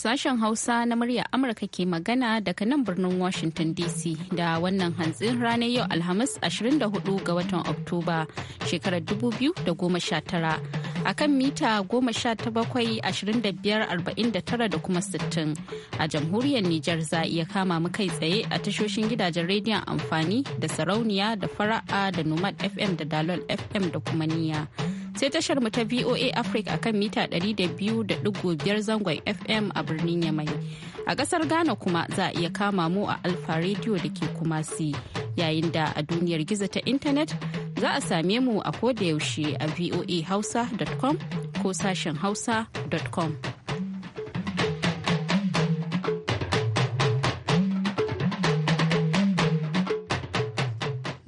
Sashen Hausa na murya Amurka ke magana daga nan birnin Washington DC da wannan hantsin ranar yau Alhamis 24 ga watan Oktoba shekarar 2019 a kan mita 17,25,49 da kuma 60 a jamhuriyar Nijar za iya kama mu kai tsaye a tashoshin gidajen rediyon amfani da sarauniya da fara'a da Nomad FM da Dalol FM da kuma niya. sai tashar mu ta VOA Africa akan mita 200.5 zangon FM a birnin Yamai. A ƙasar Ghana kuma za a iya kama mu a Alfa Radio da ke kuma si yayin da a duniyar gizo ta intanet za a same mu a kodayaushe a voahausa.com ko sashen hausa.com.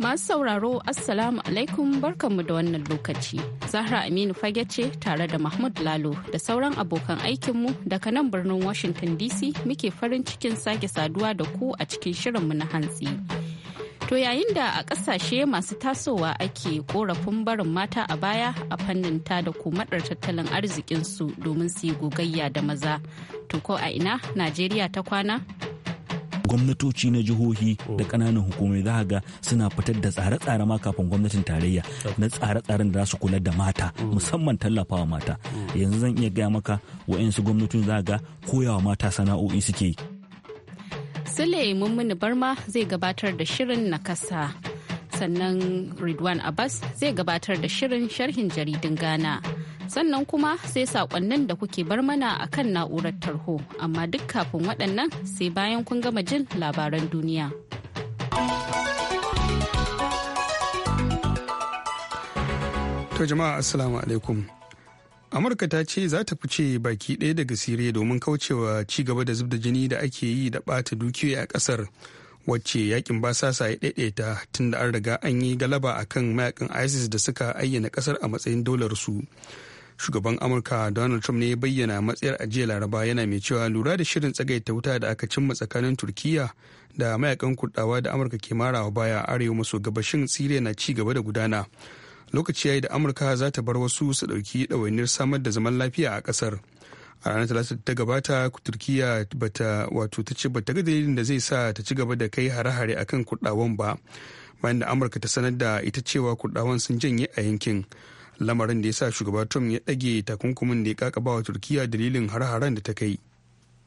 Masu sauraro Assalamu alaikum barkanmu da wannan lokaci. Zahra Aminu fage ce tare da Mahmud Lalo da sauran abokan aikinmu daga nan birnin Washington DC muke farin cikin sake saduwa da ku a cikin shirinmu na hantsi. To yayin da a ƙasashe masu tasowa ake korafin barin mata a baya a fannin ta da maɗar tattalin arzikinsu domin su yi gogayya da maza. To ko a ina Najeriya ta kwana? gwamnatoci na jihohi oh. da kananan hukumai za ga suna fitar da tsare-tsare ma kafin gwamnatin tarayya na tsare-tsaren da za su kula da mata mm. musamman tallafawa mata mm. yanzu zan iya gaya maka wa'yansu gwamnatin za ga koyawa mata sana'o'i suke yi. Sule Mummuni Barma zai gabatar da shirin nakasa Sannan Ridwan Abbas zai gabatar da shirin sharhin jaridun Ghana. sannan kuma sai saƙonnin da kuke bar mana a kan na'urar tarho amma duk kafin waɗannan sai bayan kun gama jin labaran duniya. To jama'a assalamu alaikum. Amurka ta ce za ta fice baki ɗaya daga Siriya domin kaucewa ci gaba da zubda jini da ake yi da ɓata dukiyoyi a ƙasar wacce yakin basasa ya ɗaiɗaita tun da an riga an yi galaba a kan mayakan ISIS da suka ayyana ƙasar a matsayin dolar su. shugaban amurka donald trump ne ya bayyana matsayar ajiyar laraba yana mai cewa lura da shirin tsagaita wuta da aka cimma tsakanin turkiya da mayakan kurdawa da amurka ke marawa baya a arewa maso gabashin siriya na ci gaba da gudana lokaci yayi da amurka za ta bar wasu su ɗauki ɗawainiyar samar da zaman lafiya a ƙasar a ranar talata ta gabata turkiya bata wato ta ce bata ga dalilin da zai sa ta ci gaba da kai hare-hare akan kurdawan ba bayan da amurka ta sanar da ita cewa kurdawan sun janye a yankin lamarin da ya sa shugaba trump ya ɗage takunkumin da ya wa turkiya dalilin har-haren da ta kai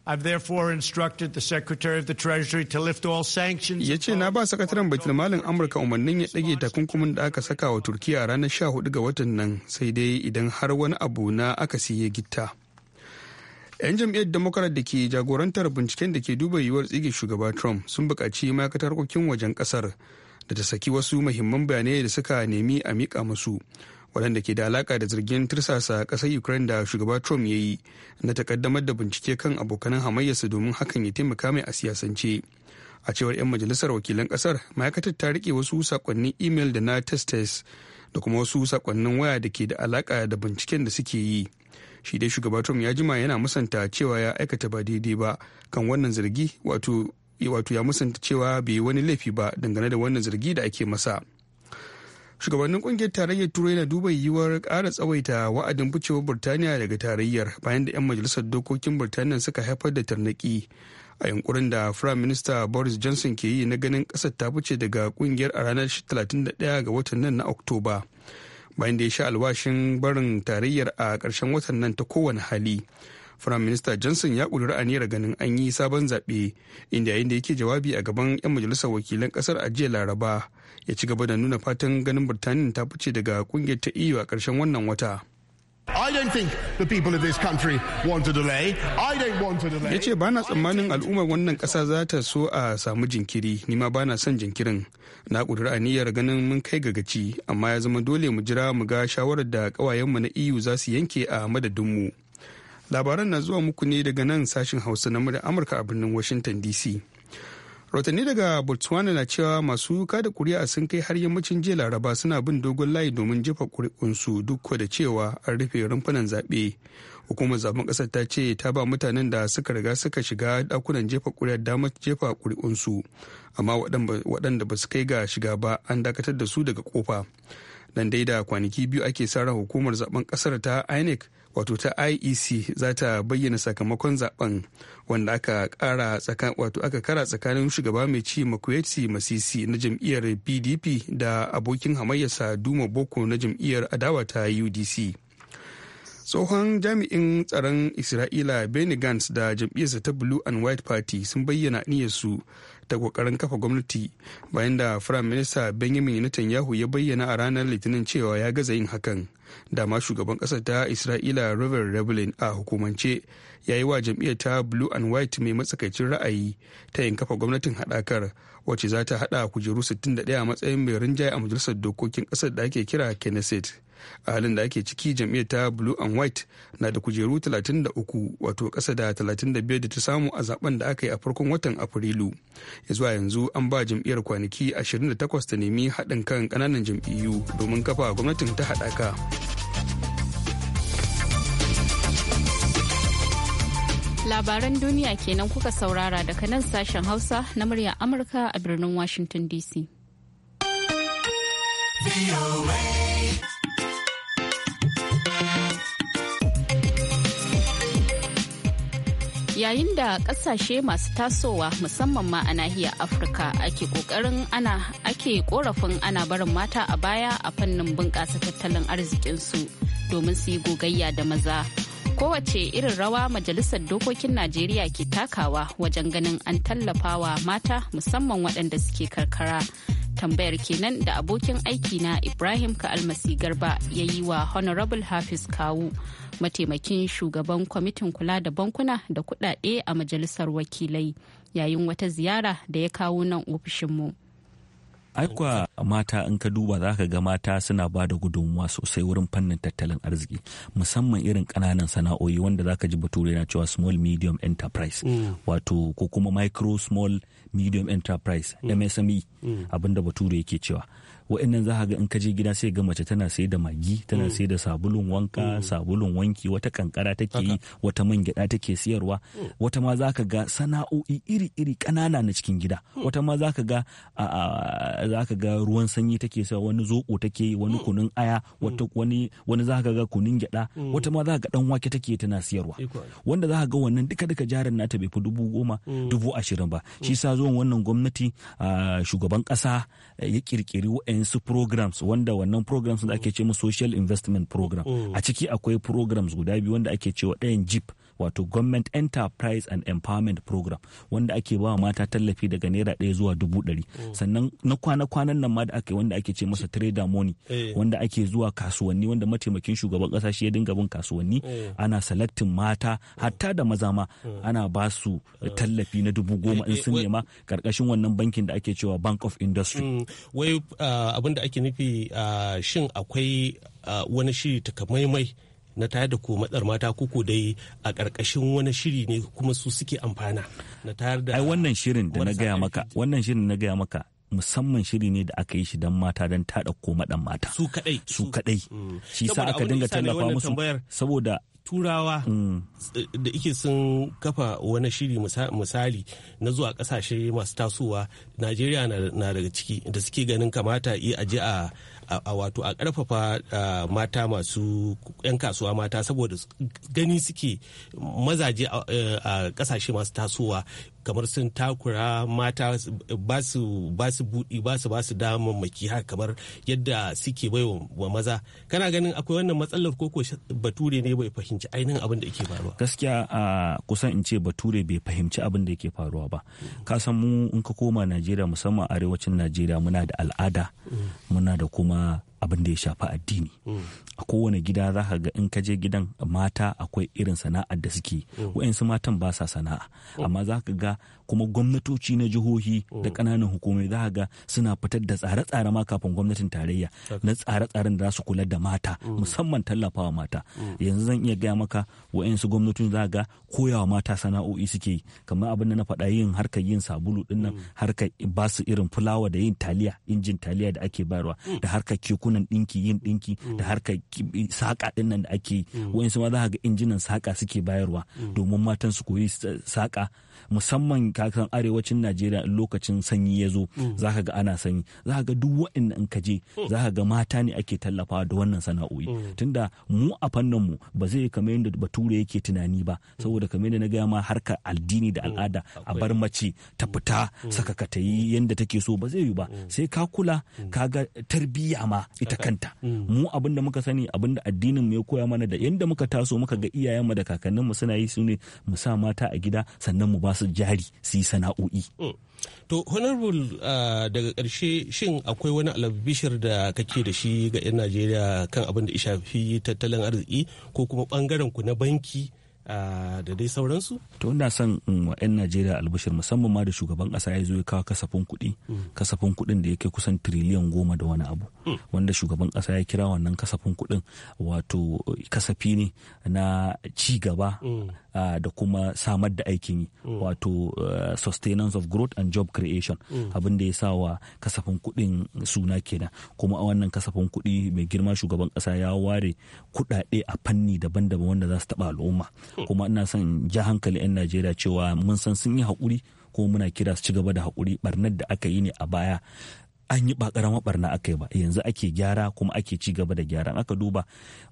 I've therefore instructed the Secretary of the Treasury to lift all sanctions. Ya ce na ba sakataren bakin malin Amurka umarnin ya ɗage takunkumin da aka saka wa Turkiya ranar 14 ga watan nan sai dai idan har wani abu na aka siye gitta. 'Yan jam'iyyar Democrat da ke jagorantar binciken da ke duba yiwuwar tsige shugaba Trump sun buƙaci ma'aikatar harkokin wajen ƙasar da ta saki wasu muhimman bayanai da suka nemi a miƙa musu. waɗanda ke da alaka da zargin tirsasa ƙasar ukraine da shugaba trump ya yi na takaddamar da bincike kan abokanan hamayyarsa domin hakan ya taimaka mai a siyasance a cewar 'yan majalisar wakilan ƙasar ma'aikatar ta riƙe wasu saƙonnin imel da na testes da kuma wasu saƙonnin waya da ke da alaka da binciken da suke yi shi dai shugaba trump ya jima yana musanta cewa ya aikata ba daidai ba kan wannan zargi wato ya musanta cewa bai wani laifi ba dangane da wannan zargi da ake masa. shugabannin kungiyar tarayyar turai na duba yiwuwar ƙara tsawaita wa'adin ficewar burtaniya daga tarayyar bayan da 'yan majalisar dokokin burtaniya suka haifar da tarnaki a yankurin da firayim minista boris johnson ke yi na ganin ƙasar ta fice daga kungiyar a ranar 31 ga watan nan na oktoba bayan da ya sha alwashin barin tarayyar a ƙarshen watan nan ta kowane hali Firayim Minista Johnson ya ƙudiri ra'aniyar ganin an yi sabon zaɓe inda yayin da yake jawabi a gaban 'yan majalisar wakilan ƙasar a jiya Laraba ya ci gaba da nuna fatan ganin Birtaniya ta fice daga ƙungiyar ta EU a ƙarshen wannan wata. Ya ce ba na tsammanin al'ummar wannan ƙasa za ta so a samu jinkiri, ni ma ba na son jinkirin. Na ƙudura aniyar ganin mun kai gaci amma ya zama dole mu jira mu ga shawarar da ƙawayenmu na EU za su yanke a madadinmu. labaran na zuwa muku ne daga nan sashen hausa na murya amurka a birnin washington dc rahotanni daga botswana na cewa masu da kuri'a sun kai har yammacin jiya laraba suna bin dogon layi domin jefa kuri'unsu duk da cewa an rufe rumfunan zaɓe hukumar zaben ƙasar ta ce ta ba mutanen da suka riga suka shiga ɗakunan jefa kuri'a damar jefa kuri'unsu amma waɗanda ba su kai ga shiga ba an dakatar da su daga kofa dan dai da kwanaki biyu ake sa ran hukumar zaben ƙasar ta inec wato ta IEC za ta bayyana sakamakon zaben wanda aka kara tsaka wato aka kara tsakanin shugaba mai ci Makuetsi Masisi na jam'iyyar PDP da abokin hamayyarsa Duma Boko na jam'iyyar adawa ta UDC. tsohon jami'in tsaron isra'ila benny gantz da jam'iyyarsa ta blue and white party sun bayyana niyyarsu ta kokarin kafa gwamnati bayan da firayim minista benjamin netanyahu ya bayyana a ranar litinin cewa ya gaza yin hakan dama shugaban kasa ta isra'ila river revelin a hukumance ya yi wa jam'iyyar ta blue and white mai matsakaicin ra'ayi ta yin kafa gwamnatin haɗakar wacce za ta haɗa kujeru 61 a matsayin mai rinjaye a majalisar dokokin ƙasar da ake kira knesset a halin da ake ciki jam'iyyar ta blue and white na da kujeru 33 wato kasa da 35 da ta samu a zaben da aka yi a farkon watan afrilu ya zuwa yanzu an ba jam'iyyar kwanaki 28 ta nemi haɗin kan ƙananan jam'iyyu domin kafa gwamnatin ta haɗaka labaran duniya kenan kuka saurara daga nan sashen hausa na murya amurka a birnin washington dc yayin da kasashe masu tasowa musamman ma a nahiyar afirka ake kokarin ana ake korafin ana barin mata a baya a fannin bunƙasa tattalin arzikinsu domin su yi gogayya da maza kowace irin rawa majalisar dokokin najeriya ke takawa wajen ganin an tallafawa mata musamman waɗanda suke karkara tambayar kenan da abokin aiki na ibrahim ka'almasi garba ya yi wa honorable hafiz kawu mataimakin shugaban kwamitin kula da bankuna da kudade a majalisar wakilai yayin wata ziyara da ya kawo nan ofishinmu aikwa mata in ka duba za ka ga mata suna ba da gudunmuwa sosai wurin fannin tattalin arziki musamman irin kananan sana'o'i wanda za ka ji bature na cewa small medium enterprise mm. wato ko kuma micro small medium enterprise msme mm. mm. abinda bature yake cewa wa'annan za ga in ka je gida sai ga mace tana sai da magi tana mm. sai da sabulun wanka mm. sabulun wanki wata kankara take yi wata man gyada take siyarwa mm. wata ma za ka ga sana'o'i iri-iri kanana na cikin gida wata ma za ka ga za ka ga ruwan sanyi take sa wani zoko take yi wani kunun aya wani wani za ka ga kunun gyada wata ma za ka ga dan wake take tana siyarwa wanda za ka ga wannan duka-duka jarin nata bai fi dubu goma dubu ashirin ba shi sa zuwan wannan gwamnati shugaban kasa ya kirkiri wa'annan su programs wanda wannan programs da ake mm. ce mu social investment program mm. a ciki akwai programs guda biyu wanda ake wa ɗayan jeep wato government enterprise and empowerment program wanda ake ba mata tallafi daga naira ɗaya zuwa dubu ɗari mm. sannan na kwana-kwanan nan ma da ake wanda ake ce masa trader money eh. wanda ake zuwa kasuwanni wanda mataimakin shugaban ƙasa shi ya dinga bin kasuwanni eh. ana selecting mata hatta da maza ma mm. ana ba su eh. tallafi na dubu goma in sun nema karkashin wannan bankin da ake cewa bank of industry mm. wai ah, abin ake nufi ah, shin akwai ah, wani shiri takamaimai na tayar da matsar mata kuku dai a ƙarƙashin wani shiri ne kuma su suke amfana na tayar da ai wannan shirin da na gaya maka wannan shirin na gaya maka musamman shiri ne da aka yi shi don mata don ko komadan mata su kadai su kadai mm. shi sa aka dinga tallafa musu saboda turawa mm. da ike sun kafa wani shiri misali na zuwa kasashe masu tasowa najeriya na daga ciki da suke ganin kamata yi a je a a wato a karfafa mata masu 'yan kasuwa mata saboda gani suke mazaje a kasashe eh, masu tasowa kamar sun takura mata ba su buɗi ba su ba su damammaki kamar yadda suke bai wa maza kana ganin akwai wannan matsalar koko bature ne bai fahimci ainihin abin da yake faruwa gaskiya a kusan in ce bature bai fahimci abin da yake faruwa ba mm. ka san mu in ka koma najeriya musamman arewacin najeriya muna da al'ada mm. muna da kuma abin da ya shafi addini a kowane gida za ka ga in ka je gidan mata akwai irin sana'ar da suke wa'yansu matan ba sa sana'a amma za ka ga kuma gwamnatoci na jihohi da ƙananan hukumai za ka ga suna fitar da tsare-tsare ma kafin gwamnatin tarayya na tsare-tsaren da za su kula da mata musamman tallafawa mata yanzu zan iya gaya maka wa'yansu gwamnatin za ga koyawa mata sana'o'i suke yi kamar abin da na faɗa yin harkar yin sabulu dinnan harkar ba su irin fulawa da yin taliya injin taliya da ake bayarwa da harkar kekuna wannan ɗinki yin ɗinki da mm. harkar saƙa ɗinnan nan da ake yi mm. wa'insu ma za ga injinan saƙa suke bayarwa mm. domin matan su koyi saƙa musamman kakan arewacin najeriya lokacin sanyi ya zo za ka ga ana sanyi za ka ga duk waɗanda in ka je za ka ga mata ne ake tallafawa da wannan sana'o'i tunda mu a fannin mu ba zai kamar yadda bature yake tunani ba saboda kamar yadda na gaya ma harkar addini da al'ada a bar mace ta fita saka ta yi yadda take so ba zai yi ba sai ka kula ka ga tarbiyya ma ita kanta mm. mu abin da muka sani abin da addinin mu ya koya mana da yanda muka taso muka ga iyayenmu da kakanninmu suna yi sune mu sa mata a gida sannan mu ba su jari su yi sana'o'i oh. to honorable uh, daga karshe shin akwai wani alabishir da kake da shi ga 'yan najeriya kan abin da shafi tattalin arziki ko kuma bangaren ku na banki da dai sauransu. To ina son 'yan Najeriya albashir musamman ma da shugaban kasa ya zo ya kawo kasafin kuɗi, mm. kasafin kuɗin da ya kai kusan tiriliyan goma da wani abu. Mm. Wanda shugaban kasa ya kira wannan kasafin kuɗin wato kasafi ne na ci gaba mm. da kuma samar da aikin yi wato sustenance of growth and job creation abin da ya sa wa kasafin kuɗin suna kenan kuma a wannan kasafin kuɗi mai girma shugaban kasa ya ware kuɗaɗe a fanni daban-daban wanda za su taɓa al'umma. kuma ina son ja hankali 'yan najeriya cewa mun san sun yi haƙuri ko muna kira su ci gaba da haƙuri barnar da aka yi ne a baya an yi ba karamar barna aka yi ba yanzu ake gyara kuma ake ci gaba da gyara aka duba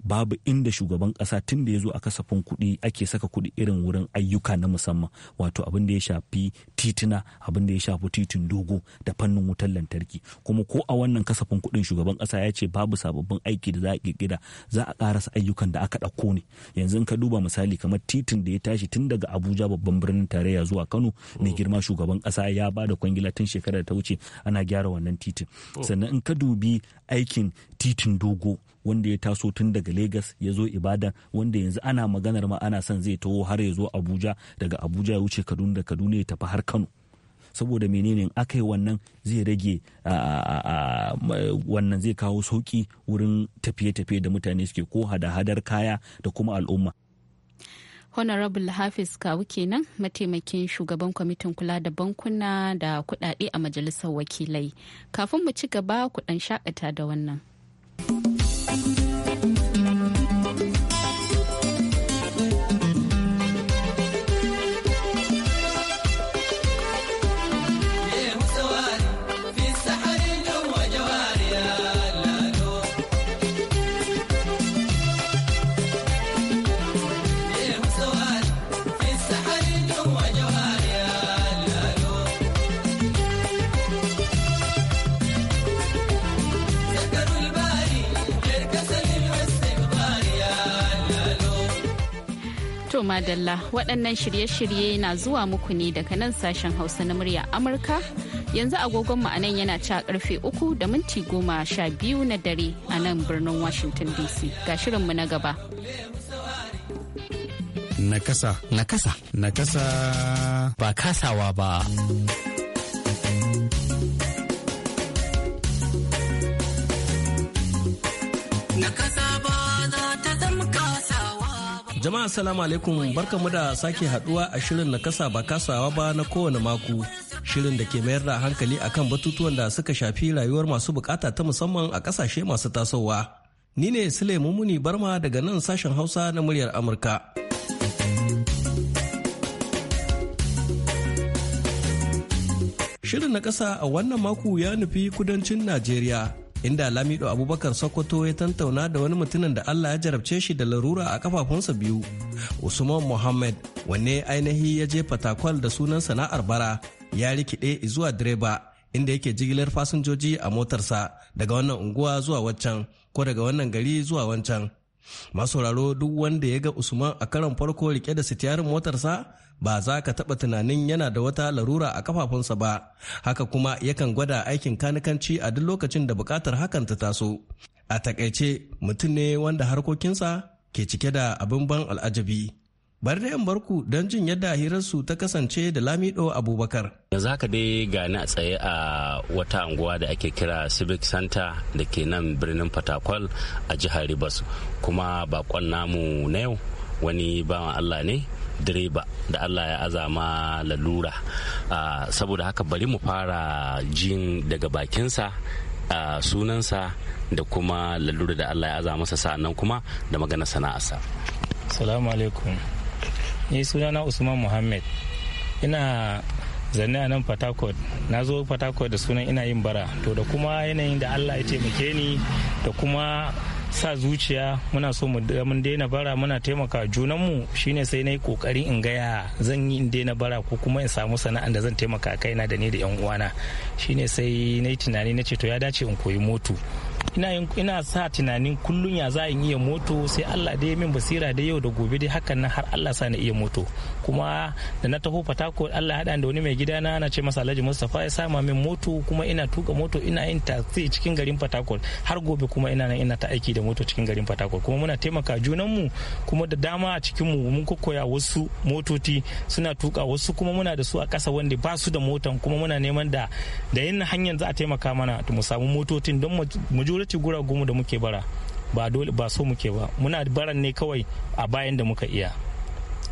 babu inda shugaban kasa tun da ya zo a kasafin kuɗi ake saka kuɗi irin wurin ayyuka na musamman wato abin da ya shafi tituna abin da ya shafi titin dogo da fannin wutar lantarki kuma ko a wannan kasafin kuɗin shugaban kasa ya ce babu sababbin aiki da za a kirkira za a karasa ayyukan da aka ɗauko ne yanzu ka duba misali kamar titin da ya tashi tun daga abuja babban birnin tarayya zuwa kano ne mm. girma shugaban kasa ya ba da kwangila tun shekarar ta wuce ana gyara wannan titin oh. sannan in ka dubi aikin titin dogo wanda ya taso tun daga lagos ya zo Ibadan wanda yanzu ana maganar ma ana son zai taho har ya zo Abuja daga Abuja ya wuce Kaduna da Kaduna ya tafi har Kano saboda menene aka yi wannan zai rage wannan zai kawo sauki wurin tafiye-tafiye da mutane suke ko hada-hadar kaya da kuma al'umma honorable hafiz kawu kenan mataimakin shugaban kwamitin kula da bankuna da kudade a majalisar wakilai kafin mu ci gaba dan shakata da wannan. madalla waɗannan shirye-shirye na zuwa muku ne daga nan sashen hausa na murya amurka yanzu agogonmu a nan yana ca karfe uku da minti goma sha biyu na dare a nan birnin washington dc ga shirinmu na gaba nakasa nakasa nakasa ba kasawa ba Jama'a salamu alaikum mu da sake haduwa a shirin na kasa ba kasawa ba na kowane mako. Shirin da ke mayar da hankali akan batutuwan da suka shafi rayuwar masu bukata ta musamman a kasashe masu tasowa. Ni ne Sule Mumuni Barma daga nan sashen Hausa na muryar Amurka. Shirin na kasa a wannan mako ya nufi kudancin Najeriya. inda Lamido Abubakar Sokoto ya tantauna da wani mutumin da Allah ya jarabce shi da larura a kafafunsa biyu. Usman Muhammad wanne ainihi ya je fatakwal da sunan sana'ar bara ya rikide zuwa direba inda yake jigilar fasinjoji a motarsa daga wannan unguwa zuwa waccan ko daga wannan gari zuwa wancan. masauraro duk wanda ya ga usman a karon farko rike da sitiyarin motarsa ba za ka taɓa tunanin yana da wata larura a kafafunsa ba haka kuma yakan gwada aikin kanikanci a duk lokacin da buƙatar hakan ta taso a takaice mutum ne wanda harkokinsa ke cike da abin ban al'ajabi bari da yan barku don jin yadda hirarsu ta kasance da lamido abubakar da za ka dai gani a tsaye a wata anguwa da ake kira civic center da ke nan birnin fatakwal a jihar ribas kuma bakon namu na yau wani bawan allah ne direba da allah ya azama lalura saboda haka bari mu fara jin daga bakinsa sunansa da kuma lalura da allah ya azama masa sa'annan kuma da magana sana'arsa salamu alaikum ni sunana usman muhammed ina zanne a nan fatakot na zo fatakot da sunan ina yin bara to da kuma yanayin da allah ya taimake ni da kuma sa zuciya muna so mu daina bara muna taimaka junanmu shine sai na yi kokari in gaya zan yi in daina bara ko kuma in samu sana'an da zan taimaka kaina da ni da yan uwana shine sai na yi tunani na ce to ya dace in koyi moto ina sa tunanin kullum ya za in iya moto sai Allah da min basira da yau da gobe dai hakan nan har Allah sa na iya moto kuma da na taho fatako allah haɗa da wani mai gida na ana ce masa alhaji mustapha ya sama min moto kuma ina tuka moto ina yin taxi cikin garin fatakol har gobe kuma ina nan ina ta aiki da moto cikin garin fatakol kuma muna taimaka junanmu kuma da dama a cikinmu mun koya wasu motoci suna tuka wasu kuma muna da su a ƙasa wanda ba su da motan kuma muna neman da da yin hanyar za a taimaka mana mu samu motocin don majority gura goma da muke bara ba dole ba so muke ba muna baran ne kawai a bayan da muka iya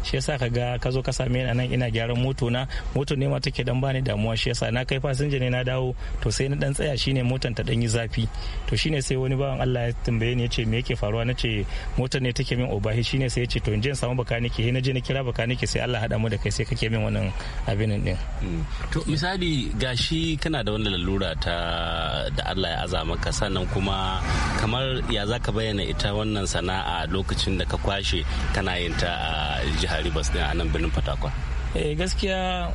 shi yasa ka ga ka zo ka same ni anan ina gyaran moto na moto ne ma take dan bani damuwa shi yasa na kai fasinja ne na dawo to sai na dan tsaya shine motan ta dan yi zafi to shine sai wani bawan Allah ya tambaye ni yace me yake faruwa nace motan ne take min obahi shine sai yace to in samu bakanike sai na je na kira bakanike sai Allah hada mu da kai sai kake min wannan abin din mm. to misali gashi kana da wannan lalura ta da Allah ya aza maka sannan kuma kamar ya zaka bayyana ita wannan sana'a lokacin da ka kwashe kana yin ta a jihar Rivers din a nan birnin Fatakwal. Eh gaskiya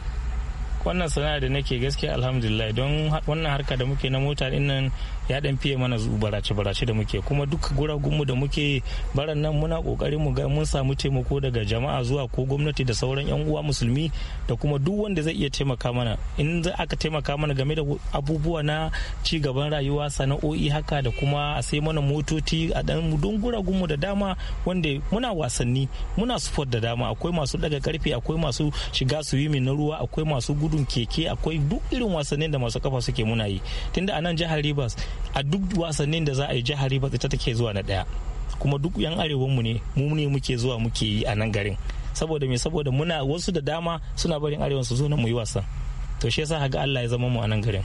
wannan sana'a da nake gaskiya alhamdulillah don wannan harka da muke na mota dinnan nan ya dan fiye mana barace barace da muke kuma duk guragunmu da muke baran nan muna kokarin mu ga mun samu taimako daga jama'a zuwa ko gwamnati da sauran yan uwa musulmi da kuma duk wanda zai iya taimaka mana in za aka taimaka mana game da abubuwa na ci gaban rayuwa sana'o'i haka da kuma a sai mana motoci a dan don guragunmu da dama wanda muna wasanni muna sport da dama akwai masu daga karfe akwai masu shiga swimming na ruwa akwai masu gudun keke akwai duk irin wasannin da masu kafa suke muna yi tunda a nan jihar Rivers a duk wasannin da za a yi jihar Rivers ita take zuwa na daya kuma duk yan arewa mu ne mu ne muke zuwa muke yi a nan garin saboda me saboda muna wasu da dama suna barin arewa su zo na mu yi wasa to shi yasa haka Allah ya zama mu a nan garin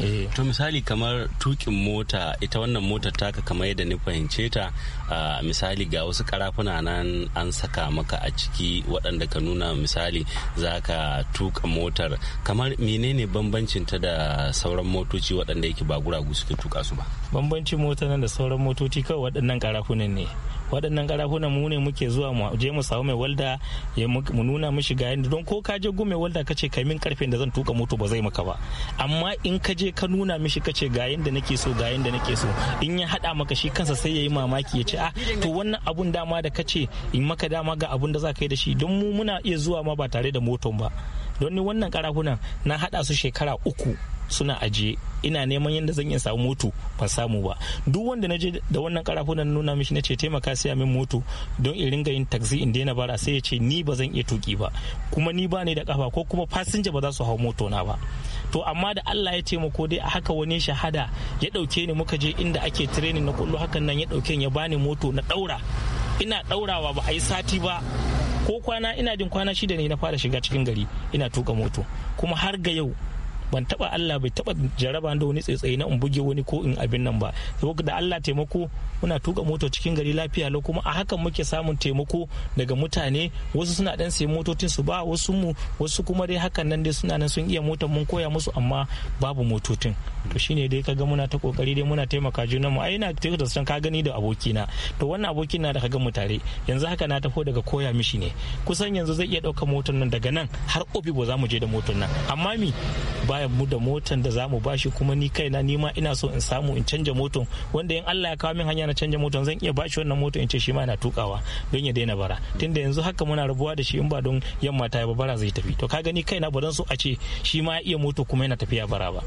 Eh, to misali kamar tukin mota ita wannan motar taka kamar yadda ni fahimce ta misali ga wasu karafuna nan an saka maka a ciki waɗanda ka nuna misali za ka tuka motar kamar menene bambancin ta da sauran motoci waɗanda yake ba guragu suke tuka su ba bambancin mota nan da sauran motoci kawai waɗannan karafunan ne waɗannan karafunan mu ne muke zuwa mu je mu samu mai walda ya mu nuna mishi ga yanda don ko ka je gu mai walda kace kai min karfin da zan tuka moto ba zai maka ba amma in ka je ka nuna mishi kace ga yanda nake so ga yanda nake so in ya haɗa maka shi kansa sai yayi mamaki ya ce ah to wannan abun dama da kace in maka dama ga abun da za ka yi da shi don mu muna iya zuwa ma ba tare da moton ba don ni wannan karahunan na haɗa su shekara uku suna ajiye ina neman yadda zan iya samu moto ban samu ba duk wanda na je da wannan karafunan nuna mishi na ce taimaka siya min moto don in ringa yin taxi in daina bara sai ya ce ni ba zan iya tuki ba kuma ni ba ne da kafa ko kuma fasinja ba za su hau moto na ba to amma da Allah ya taimako dai a haka wani shahada ya dauke ni muka je inda ake training na kullu hakan nan ya dauke ya bani moto na daura ina daurawa ba a yi sati ba ko kwana ina jin kwana shida ne na fara shiga cikin gari ina tuka moto kuma har ga yau ban taba Allah bai taba jaraba da wani tsaitsaye na in buge wani ko in abin nan ba da Allah taimako muna tuka mota cikin gari lafiya lau kuma a hakan muke samun taimako daga mutane wasu suna dan sayi motocin su ba wasu mu wasu kuma dai hakan nan dai suna nan sun iya motar mun koya musu amma babu motocin to shine dai kaga muna ta kokari dai muna taimaka mu ai ina taimaka da san ka gani da abokina to wannan abokin na da ka ga mu tare yanzu haka na tafi daga koya mishi ne kusan yanzu zai iya daukar motar nan daga nan har obi ba za mu je da motar nan amma mi ba hayan mu da motan da zamu mu bashi kuma ni kaina ni ma ina so in samu in canja motan wanda in Allah ya kawo min hanya na canja moton zan iya bashi wannan moton in ce shi ma yana tukawa don ya daina bara tunda yanzu haka muna rabuwa da shi in ba don yamma ta yi bara zai tafi to ka gani kaina ba dan so a ce shi ma ya iya moto kuma yana tafiya bara ba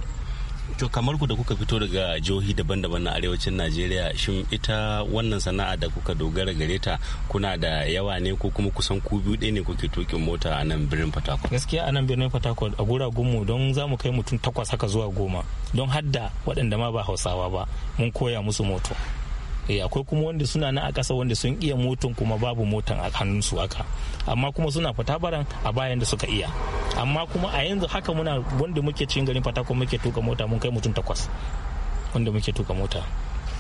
to kamar ku da kuka fito daga jihohi daban-daban na arewacin najeriya shin ita wannan sana'a da kuka dogara gare ta kuna da yawa ne ko kuma kusan ku biyu ɗaya ne kuke tokin mota a nan birnin fatakwal gaskiya a nan birnin fatakwal a gunmu don za mu kai mutum takwas haka zuwa goma don hadda waɗanda ma ba hausawa ba mun koya musu moto eh akwai kuma wanda suna na a ƙasa wanda sun iya motan kuma babu motan a hannun su haka amma kuma suna fita baran a bayan da suka iya amma kuma a yanzu haka muna wanda muke cin garin fata kuma muke tuka mota mun kai mutum takwas wanda muke tuka mota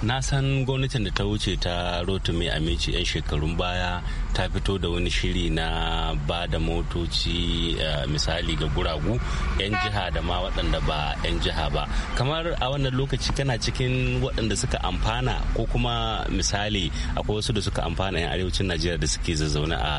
na san gwamnatin da ta wuce ta rotu mai aminci 'yan shekarun baya ta fito da wani shiri na ba da motoci eh, misali ga guragu 'yan jiha da ma waɗanda ba 'yan jiha ba kamar a wannan lokaci kana cikin waɗanda suka amfana ko kuma misali akwai wasu da suka amfana 'yan arewacin najeriya da suke zazzaune a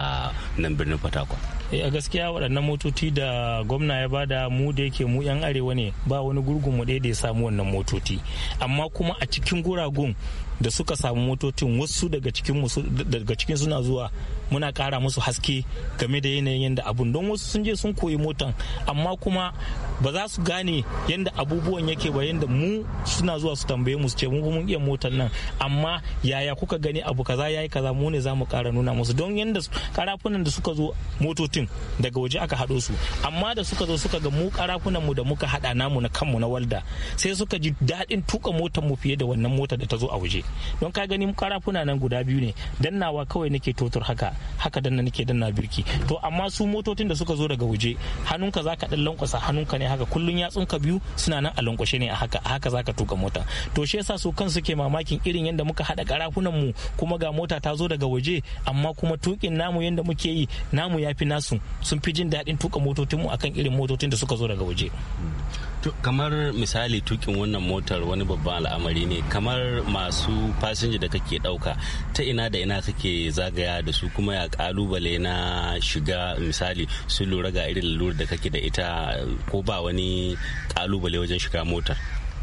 nan birnin fatakwal Eh, a gaskiya waɗannan motoci da gwamna ya bada mu da yake mu yan arewa ne ba wani gurgun mu ɗaya da ya samu wannan motoci amma kuma a cikin guragun da suka samu motocin wasu daga cikin suna zuwa muna kara musu haske game da yanayin yadda abun don wasu sun je sun koyi motan amma kuma ba za su gane yadda abubuwan yake ba yadda mu suna zuwa su tambaye mu su ce mu mun iya motan nan amma yaya kuka gani abu kaza yayi kaza mu ne za mu kara nuna musu don yadda karafunan da suka zo motocin daga waje aka haɗo su amma da suka zo suka ga mu karafunan mu da muka haɗa namu na kanmu na walda sai suka ji daɗin tuka motan mu fiye da wannan motar da ta zo a waje don ka gani karafuna nan guda biyu ne dannawa kawai nake totur haka haka danna nake danna birki to amma su motocin da suka zo daga waje hannunka zaka dan lankwasa hannunka ne haka kullun yatsunka biyu suna nan a lankwashe ne a haka a haka zaka tuka mota to shi yasa su kansu ke mamakin irin yadda muka hada karafunan mu kuma ga mota ta zo daga waje amma kuma tukin namu yadda muke yi namu yafi nasu sun fi jin daɗin tuka motocin mu akan irin motocin da suka zo daga waje kamar misali tukin wannan motar wani babban al'amari ne kamar masu fasinja da kake dauka ta ina da ina kake zagaya da su kuma ya kalubale na shiga misali su lura ga irin lura da kake da ita ko ba wani kalubale wajen shiga motar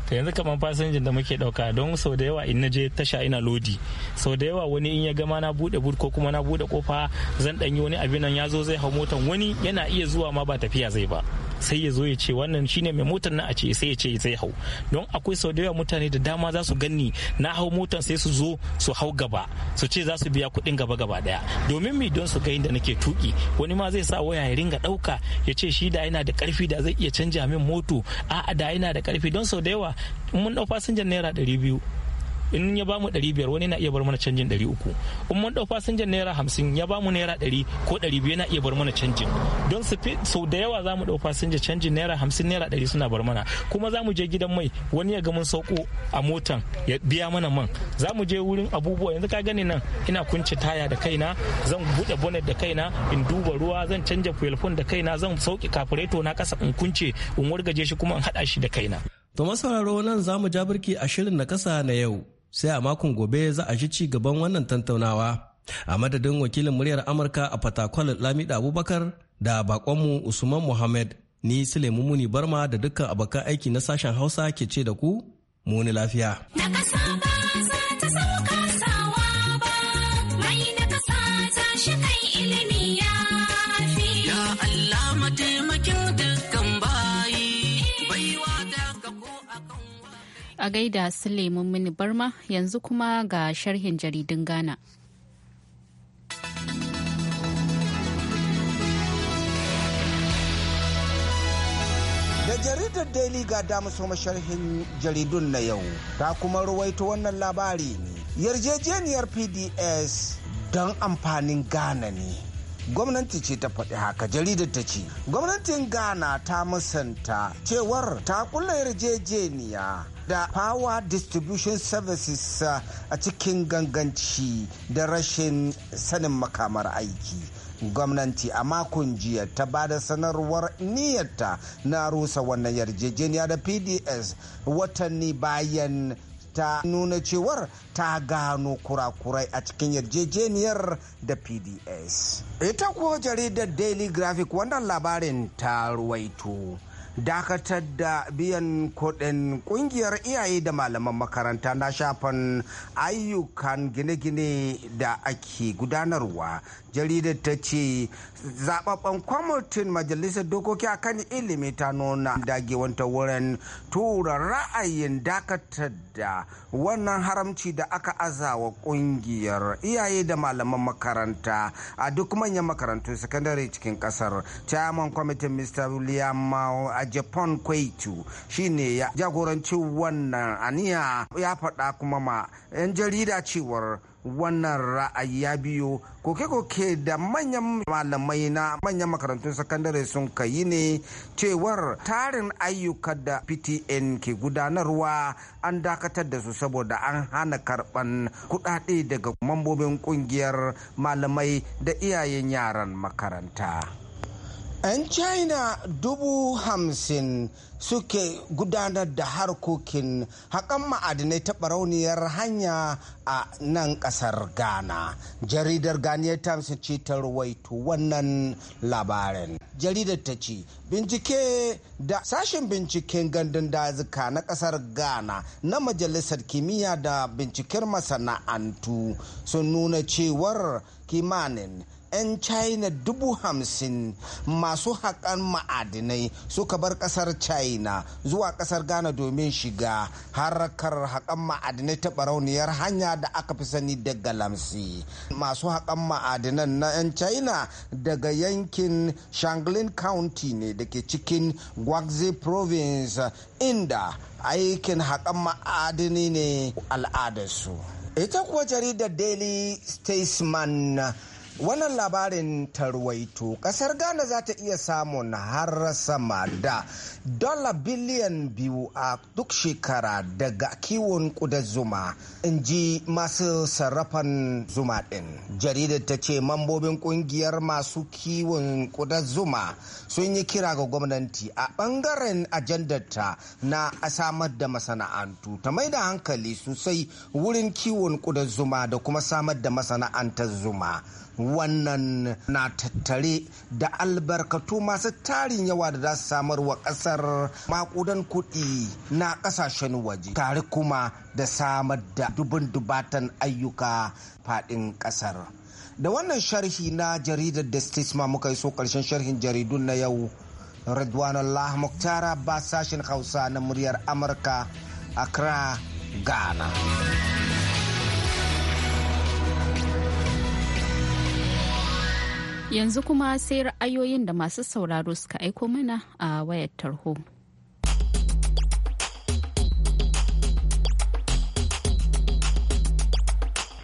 to yanzu kamar fasinjin da muke dauka don sau da yawa in na je tasha ina lodi sau da yawa wani in ya gama na bude bud ko kuma na bude kofa zan danyi wani abin nan ya zo zai hau motan wani yana iya zuwa ma ba tafiya zai ba sai ya zo ya ce wannan shine mai motar na a ce sai ya ce zai hau don akwai sau da yawa mutane da dama za su ganni na hau motar sai su zo su hau gaba su ce za su biya kuɗin gaba gaba daya domin mi don su ga inda nake tuki wani ma zai sa waya ya ringa ɗauka ya ce shi da yana da karfi da zai iya canja min moto a'a da yana da karfi don sau da yawa mun ɗau fasinjan naira ɗari biyu in ya bamu ɗari biyar wani na iya bar mana canjin ɗari uku in mun ɗau fasinjan naira hamsin ya bamu naira ɗari ko ɗari biyu na iya bar mana canjin don su sau da yawa za mu ɗau fasinja canjin naira hamsin naira ɗari suna bar mana kuma za mu je gidan mai wani ya ga mun sauko a motan ya biya mana man za mu je wurin abubuwa yanzu ka gani nan ina kunce taya da kaina zan buɗe bonnet da kaina in duba ruwa zan canja fuel da kaina zan sauke kafureto na kasa in kunce in wargaje shi kuma in haɗa shi da kaina. To masauraro nan za mu ja birki a shirin na kasa na yau sai a makon gobe za a ji ci gaban wannan tantaunawa a madadin wakilin muryar amurka a fatakwal lamida abubakar da bakonmu usman muhammad ni sulaimu muni barma da dukkan abokan aiki na sashen hausa ke ce da ku muni lafiya. Na kasa ba za ta A gaida Suleiman Mini Barma yanzu kuma ga sharhin jaridun Ghana. da jaridar daily ga damu soma sharhin jaridun na yau ta kuma ruwaito wannan labari ne yarjejeniyar pds don amfanin ghana ne gwamnati ce ta faɗi haka jaridar ta ce gwamnatin ghana ta musanta cewar ta kula yarjejeniya da power distribution services uh, a cikin ganganci da rashin sanin makamar aiki gwamnati a makon jiya ta ba da sanarwar niyyarta na rusa wannan yarjejeniya da pds watanni bayan ta nuna cewar ta gano kurakurai a cikin yarjejeniyar da pds ita ko jaridar daily graphic wannan labarin ta ruwaito dakatar da biyan kuɗin ƙungiyar iyaye da malaman makaranta na shafan ayyukan gine-gine da ake gudanarwa jaridar ta ce zababban kwamitin majalisar dokoki a kan ilimi ta nuna dagewanta wurin tura ra'ayin dakatar da wannan haramci da aka azawa ƙungiyar iyaye da malaman makaranta a duk manyan makarantun sakandare cikin ƙasar chairman kwamitin mr william a japan kwaitu shine ya jagoranci wannan aniya ya faɗa kuma ma 'yan jarida cewar wannan ra'ayi ya biyo koke-koke da manyan malamai na manyan makarantun sakandare sun kayi ne cewar tarin ayyuka da ptn ke gudanarwa an dakatar da su saboda an hana karban kudade daga mambobin kungiyar malamai da iyayen yaran makaranta 'yan china dubu hamsin suke gudanar da harkokin haƙan ma'adinai ta barauniyar hanya a nan ƙasar ghana jaridar ghanaian times ce ta ruwaito wannan labarin jaridar ta ce bincike da sashen binciken gandun dazuka na ƙasar ghana na majalisar kimiyya da binciken masana'antu sun nuna cewar kimanin 'yan china dubu hamsin masu haƙan ma'adinai suka bar ƙasar china zuwa ƙasar ghana domin shiga harkar haƙan ma'adinai ta barauniyar hanya da aka fi sani da galamsi masu haƙan ma'adinan na 'yan china daga yankin shanglin county ne da ke cikin guangxi province inda aikin haƙan ma'adini ne al'adarsu ita kuwa jaridar daily statesman wannan labarin tarwaito kasar ghana za ta iya samun har sama da dala biliyan biyu a duk shekara daga kiwon kudan zuma in ji masu sarrafan zuma din jaridar ta ce mambobin kungiyar masu kiwon kudan zuma sun yi kira ga gwamnati a bangaren ajandarta na a samar da masana'antu ta mai da hankali sosai wurin kiwon kudan zuma da kuma samar da masana'antar zuma wannan na tattare da albarkatu masu tarin yawa da za su samar wa kasar makudan kuɗi na kasashen waje tare kuma da samar da dubin dubatan ayyuka faɗin ƙasar. da wannan sharhi na jaridar da stisma muka yi so ƙarshen sharhin jaridun na yau Redwan Allah Muktara ba sashen Hausa na muryar Amurka, a Accra, Ghana. Yanzu kuma sai ra'ayoyin da masu sauraro suka aiko mana a wayar tarho.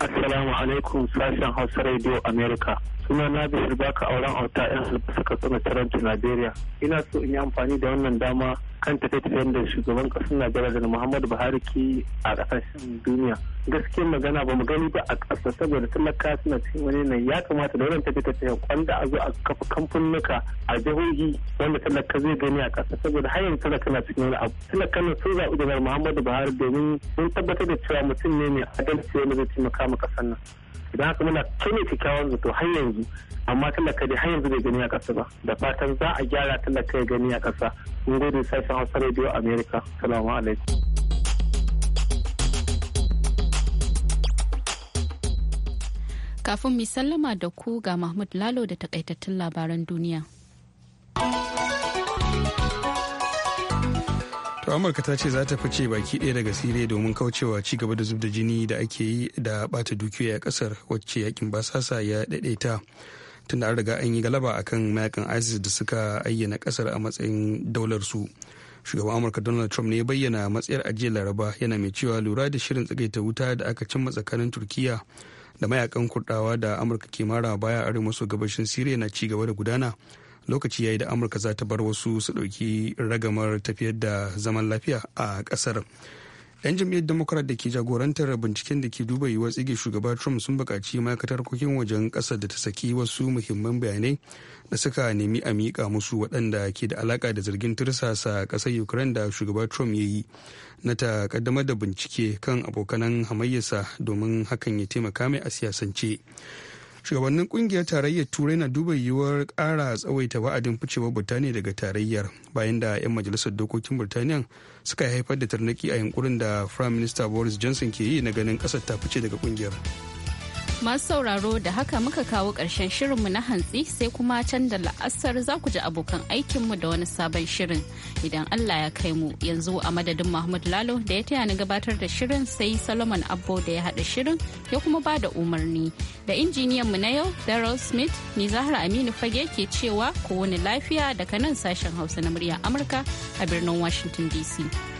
Assalamu alaikum sashen Hausa Radio America. suna na bishir baka auren auta yan albasa katsina taranci najeriya ina so in yi amfani da wannan dama kan tafiye-tafiyen da shugaban kasar najeriya da muhammadu buhari ke a kasashen duniya gaskiyar magana ba mu gani ba a kasa saboda talaka suna cikin wani nan ya kamata da wannan tafiye-tafiyen wanda a zo a kafa kamfanuka a jihohi wanda talaka zai gani a kasa saboda hanyar talaka na cikin wani abu talaka na sun zaɓi da muhammadu buhari domin sun tabbatar da cewa mutum ne mai adalci wanda zai taimaka ma kasar nan idan haka muna kene kyakkyawan zato har yanzu amma talaka dai har yanzu gani a kasa ba da fatan za a gyara talaka ya gani a kasa mun gode ta Hausa Radio America. Salamu alaikum. Kafin mu sallama da ku ga Mahmud Lalo da takaitattun labaran duniya. Amurka ta ce za ta fice baki ɗaya daga sire domin kaucewa ci gaba da zub da jini da ake yi da bata dukiyoyi a ƙasar wacce yakin basasa ya daidaita tunda an riga an yi galaba akan mayakan ISIS da suka ayyana ƙasar a matsayin daular su. shugaban amurka donald trump ne ya bayyana matsayar ajiyar laraba yana mai cewa lura da shirin tsagaita wuta da aka cimma tsakanin turkiya da mayakan kurdawa da amurka ke mara baya arewa maso gabashin siriya na ci gaba da gudana lokaci yayi da amurka za ta bar wasu su ɗauki ragamar tafiyar da zaman lafiya a ƙasar 'yan jam'iyyar democrat da ke jagorantar binciken da ke duba yiwuwar tsige shugaba trump sun buƙaci ma'aikatar kokin wajen ƙasar da ta saki wasu muhimman bayanai da suka nemi a miƙa musu waɗanda ke da alaƙa da zargin tirsasa ƙasar ukraine da shugaba trump ya yi na ta ƙaddamar da bincike kan abokanan hamayyarsa domin hakan ya taimaka mai a siyasance shugabannin kungiyar tarayyar turai na duba yiwuwar ƙara tsawaita wa'adin ficewar birtaniya daga tarayyar bayan da 'yan majalisar dokokin birtaniya suka haifar da tarnaki a yankurin da prime minister boris johnson ke yi na ganin kasar ta fice daga kungiyar. Masu sauraro da haka muka kawo ƙarshen shirinmu na hantsi sai kuma can da la'asar za ku ji abokan aikinmu da wani sabon shirin idan Allah ya kai mu yanzu a madadin Mahmud Lalo da ya taya ni gabatar da shirin sai Solomon Abbo da ya haɗa shirin ya kuma ba da umarni. Da injiniyan mu na yau Daryl Smith ni Zahra Aminu Fage ke cewa ku wani lafiya daga nan sashen Hausa na murya Amurka a birnin Washington DC.